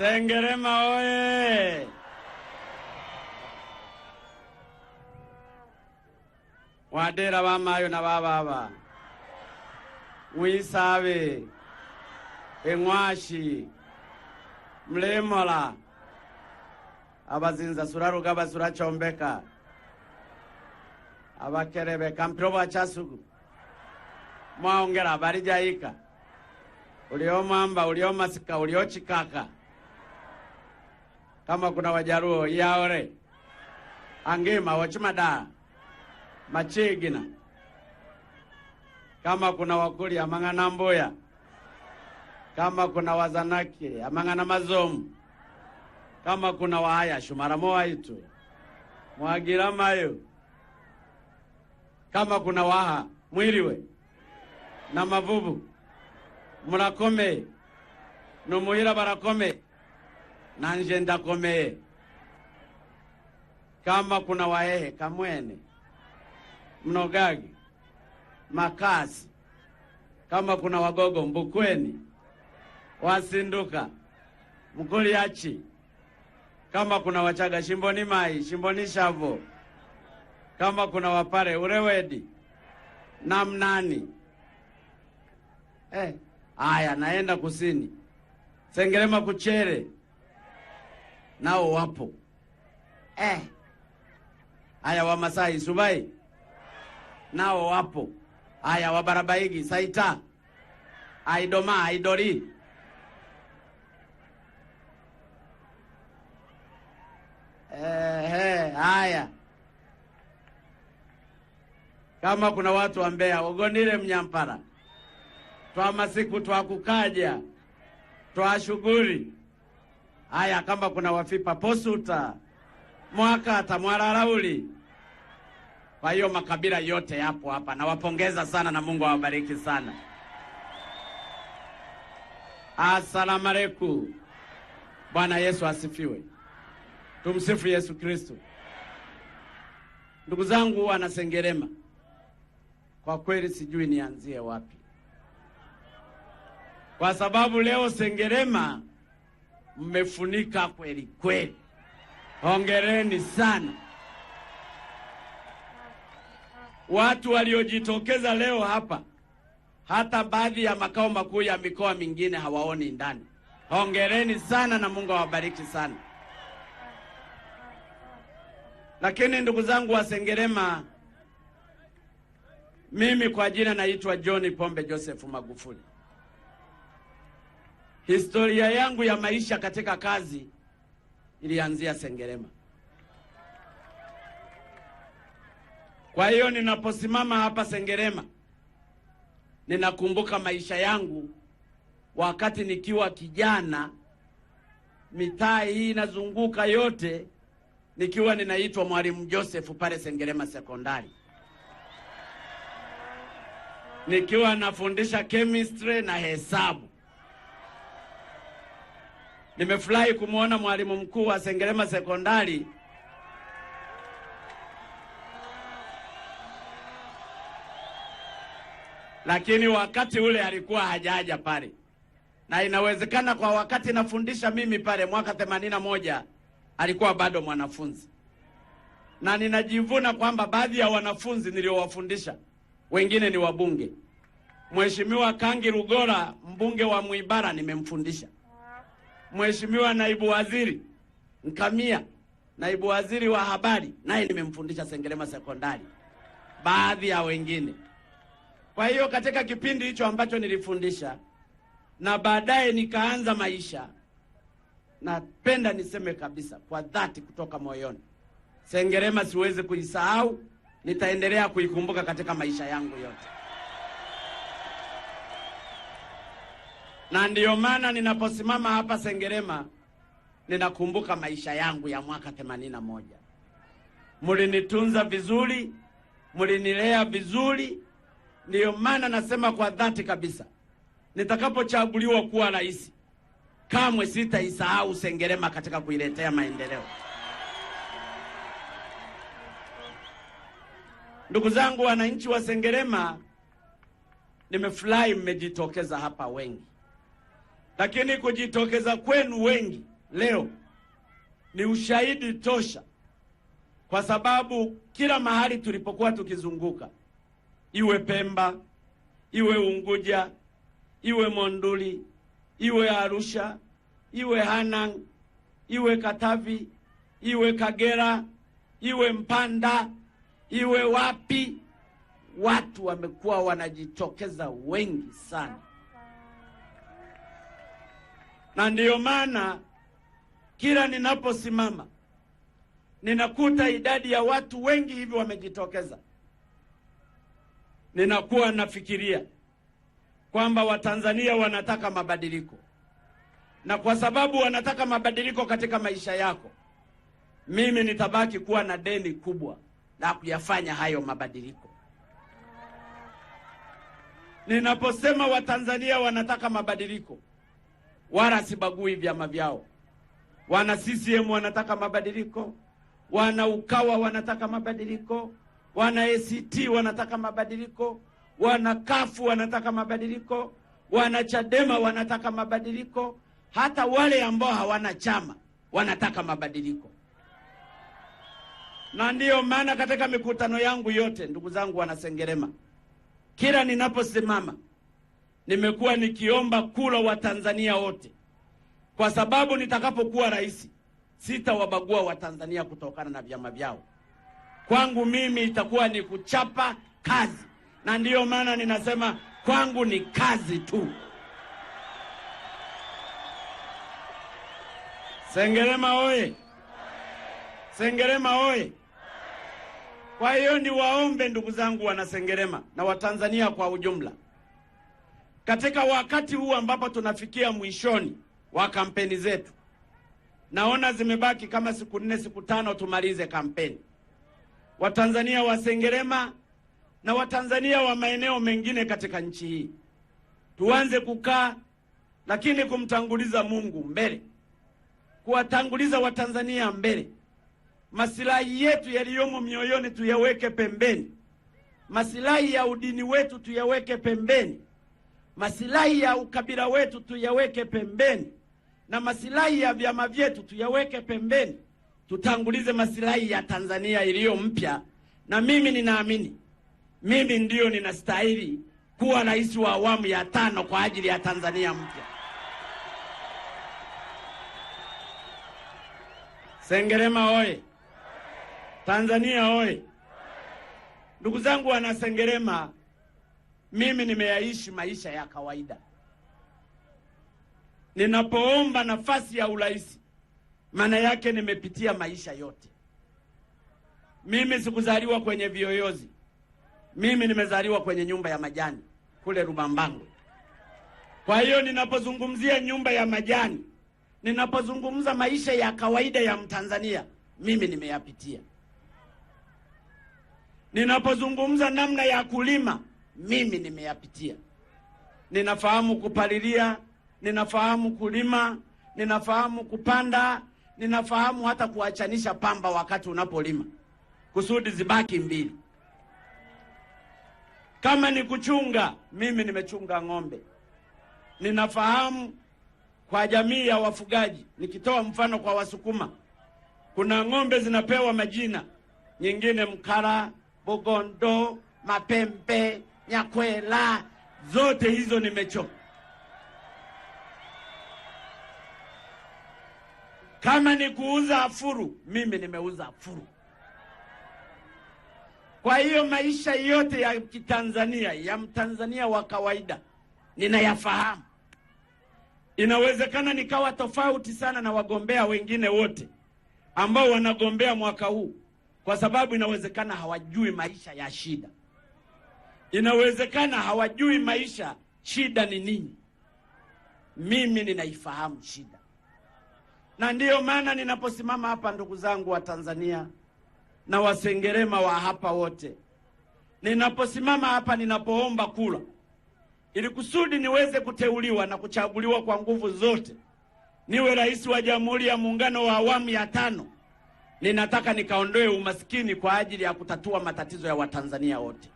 Sengerema oye! Wadera bamayo na bababa mwisabe eng'washi mlemola abazinza suraruga basurachombeka abakerebeka mpiro bwachasugu mwaongera barijayika uliomwamba uliomasika uliochikaka kama kuna Wajaruo yaore angima wachimada machigina kama kuna wakuli amang'ana mbuya kama kuna wazanaki amang'ana mazomu kama kuna waya shumaramo waitu mwagira mayo kama kuna waha mwiriwe na mavuvu murakome numuhira barakome nje ndakomeye kama kuna wahehe kamwene mnogagi makasi kama kuna wagogo mbukweni wasinduka mkuliachi kama kuna wachaga shimboni mai shimboni shavo kama kuna wapare urewedi na mnani eh, aya naenda kusini sengerema kuchere nao wapo eh. Aya, Wamasai Subai nao wapo. Aya, Wabarabaigi Saita, Aidoma, Aidori eh, haya kama kuna watu wa Mbeya ogonire mnyampara twamasiku twakukaja twashuguri Aya, kamba kuna wafipa posuta mwaka tamwararauli. Kwa hiyo makabila yote yapo hapa, nawapongeza sana na Mungu awabariki sana. Asalamu aleku Bwana Yesu asifiwe. Tumsifu Yesu kristu Ndugu zangu wanasengerema, kwa kweli sijui nianzie wapi, kwa sababu leo Sengerema mmefunika kweli kweli, hongereni sana. Watu waliojitokeza leo hapa, hata baadhi ya makao makuu ya mikoa mingine hawaoni ndani. Hongereni sana na Mungu awabariki sana. Lakini ndugu zangu wa Sengerema, mimi kwa jina naitwa John Pombe Joseph Magufuli. Historia yangu ya maisha katika kazi ilianzia Sengerema. Kwa hiyo ninaposimama hapa Sengerema, ninakumbuka maisha yangu wakati nikiwa kijana, mitaa hii inazunguka yote, nikiwa ninaitwa Mwalimu Joseph pale Sengerema Sekondari, nikiwa nafundisha chemistry na hesabu Nimefurahi kumwona mwalimu mkuu wa Sengerema Sekondari lakini wakati ule alikuwa hajaja pale, na inawezekana kwa wakati nafundisha mimi pale mwaka themanini na moja alikuwa bado mwanafunzi, na ninajivuna kwamba baadhi ya wanafunzi niliowafundisha wengine ni wabunge. Mheshimiwa Kangi Rugora, mbunge wa Mwibara, nimemfundisha. Mheshimiwa naibu waziri Nkamia, naibu waziri wa habari, naye nimemfundisha Sengerema Sekondari, baadhi ya wengine. Kwa hiyo katika kipindi hicho ambacho nilifundisha na baadaye nikaanza maisha, napenda niseme kabisa kwa dhati kutoka moyoni, Sengerema siwezi kuisahau, nitaendelea kuikumbuka katika maisha yangu yote. na ndiyo maana ninaposimama hapa Sengerema ninakumbuka maisha yangu ya mwaka themanini na moja. Mulinitunza vizuri, mulinilea vizuri. Ndiyo maana nasema kwa dhati kabisa, nitakapochaguliwa kuwa rais, kamwe sitaisahau Sengerema katika kuiletea maendeleo. Ndugu zangu wananchi wa Sengerema, nimefurahi mmejitokeza hapa wengi. Lakini kujitokeza kwenu wengi leo ni ushahidi tosha, kwa sababu kila mahali tulipokuwa tukizunguka, iwe Pemba, iwe Unguja, iwe Monduli, iwe Arusha, iwe Hanang, iwe Katavi, iwe Kagera, iwe Mpanda, iwe wapi, watu wamekuwa wanajitokeza wengi sana na ndiyo maana kila ninaposimama ninakuta idadi ya watu wengi hivi wamejitokeza. Ninakuwa nafikiria kwamba Watanzania wanataka mabadiliko, na kwa sababu wanataka mabadiliko katika maisha yako, mimi nitabaki kuwa na deni kubwa la kuyafanya hayo mabadiliko. Ninaposema Watanzania wanataka mabadiliko wala sibagui vyama vyao. Wana CCM wanataka mabadiliko, wana Ukawa wanataka mabadiliko, wana ACT wanataka mabadiliko, wana Kafu wanataka mabadiliko, wana Chadema wanataka mabadiliko, hata wale ambao hawana chama wanataka mabadiliko. Na ndiyo maana katika mikutano yangu yote, ndugu zangu wanasengerema, kila ninaposimama nimekuwa nikiomba wa Watanzania wote, kwa sababu nitakapokuwa rais sitawabagua Watanzania kutokana na vyama vyao. Kwangu mimi itakuwa ni kuchapa kazi, na ndiyo maana ninasema kwangu ni kazi tu. Sengerema oye! Sengerema oye! Kwa hiyo niwaombe ndugu zangu wana Sengerema na Watanzania kwa ujumla katika wakati huu ambapo tunafikia mwishoni wa kampeni zetu, naona zimebaki kama siku nne, siku tano tumalize kampeni. Watanzania wa Sengerema na Watanzania wa maeneo mengine katika nchi hii tuanze kukaa, lakini kumtanguliza Mungu mbele, kuwatanguliza Watanzania mbele. Masilahi yetu yaliyomo mioyoni tuyaweke pembeni, masilahi ya udini wetu tuyaweke pembeni Masilahi ya ukabila wetu tuyaweke pembeni na masilahi ya vyama vyetu tuyaweke pembeni, tutangulize masilahi ya Tanzania iliyo mpya. Na mimi ninaamini mimi ndiyo ninastahili kuwa rais wa awamu ya tano kwa ajili ya Tanzania mpya. Sengerema oye! Tanzania oye! Ndugu zangu wana Sengerema, mimi nimeyaishi maisha ya kawaida. Ninapoomba nafasi ya urais, maana yake nimepitia maisha yote. Mimi sikuzaliwa kwenye vioyozi mimi nimezaliwa kwenye nyumba ya majani kule Rubambango. Kwa hiyo ninapozungumzia nyumba ya majani, ninapozungumza maisha ya kawaida ya Mtanzania, mimi nimeyapitia. Ninapozungumza namna ya kulima mimi nimeyapitia. Ninafahamu kupalilia, ninafahamu kulima, ninafahamu kupanda, ninafahamu hata kuachanisha pamba wakati unapolima kusudi zibaki mbili. Kama ni kuchunga, mimi nimechunga ng'ombe, ninafahamu kwa jamii ya wafugaji. Nikitoa mfano kwa Wasukuma, kuna ng'ombe zinapewa majina, nyingine Mkara, Bogondo, Mapembe, Nyakwela, zote hizo nimechoka. Kama ni kuuza afuru, mimi nimeuza afuru. Kwa hiyo maisha yote ya Kitanzania ya Mtanzania wa kawaida ninayafahamu. Inawezekana nikawa tofauti sana na wagombea wengine wote ambao wanagombea mwaka huu, kwa sababu inawezekana hawajui maisha ya shida. Inawezekana hawajui maisha, shida ni nini. Mimi ninaifahamu shida, na ndiyo maana ninaposimama hapa, ndugu zangu wa Tanzania na Wasengerema wa hapa wote, ninaposimama hapa, ninapoomba kula ili kusudi niweze kuteuliwa na kuchaguliwa kwa nguvu zote niwe rais wa Jamhuri ya Muungano wa awamu ya tano, ninataka nikaondoe umaskini kwa ajili ya kutatua matatizo ya Watanzania wote.